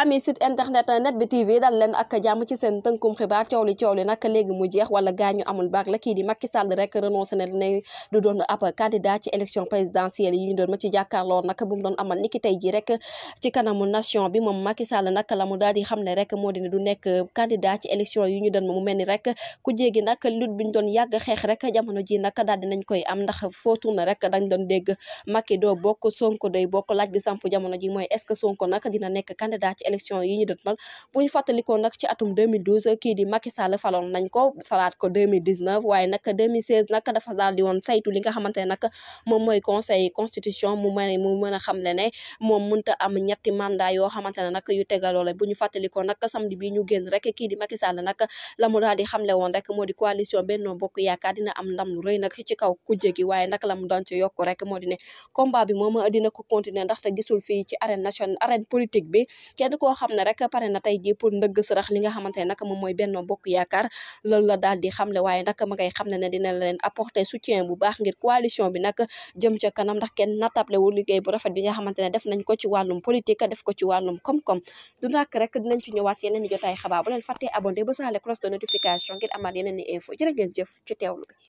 ami site internet net bi tv dal leen ak ci seen tënkum xibaar coow li coow li jeex wala gaañu amul baag la di Macky Sall rek renoncé na ne du doon ab candidat ci élection présidentielle yi ñu doon ma ci jàkkaarloo nag bu doon amal niki tey ji rek ci kanamu nation bi moom Macky Sall nag la mu daal di xam ne rek moo di ne du nekk candidat ci élection yi ñu doon ma mu mel ni rek ku jéegi nag lutte bi ñu doon yàgg xeex rek jamono ji nag daal am ndax foo tourné rek dañ doon dégg Macky doo bokk Sonko doy bokk laaj bi samp jamono ji mooy est-ce que Sonko nag élection yi ñu dëtmal bu ñu fàttalikoo nag ci atum 2012 kii di Macky Sall faloon nañ ko falaat ko 2019 waaye nag 2016 nag dafa daal di woon saytu li nga xamante ne nag conseil constitution mu mën a xamle ne moom mënta am ñetti mandat yoo xamante ne yu tegaloo bu ñu fàttalikoo nag samedi bi ñu génn rek kii di Macky Sall daal di xamle woon rek moo coalition Benno Bokk Yaakaar am ndam lu koo xam ne rek pare na tey ji pour ndëgg sarax li nga xamante ne nag moom mooy Benno Bokk Yaakaar loolu la daal di xamle waaye nag ma ngay xam ne ne dina leen apporter soutien bu baax ngir coalition bi nag jëm ca kanam ndax kenn le wu liggéey bu rafet bi nga xamante ne def nañ ko ci wàllum politique def ko ci wàllum koom-koom du nak rek dinañ ci ñëwaat yeneen i jotaay xabaar bu leen fàttee abonné ba saale cloche de notification ngir amaat yeneen i info jërë